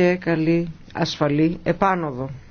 και καλή ασφαλή επάνωδο.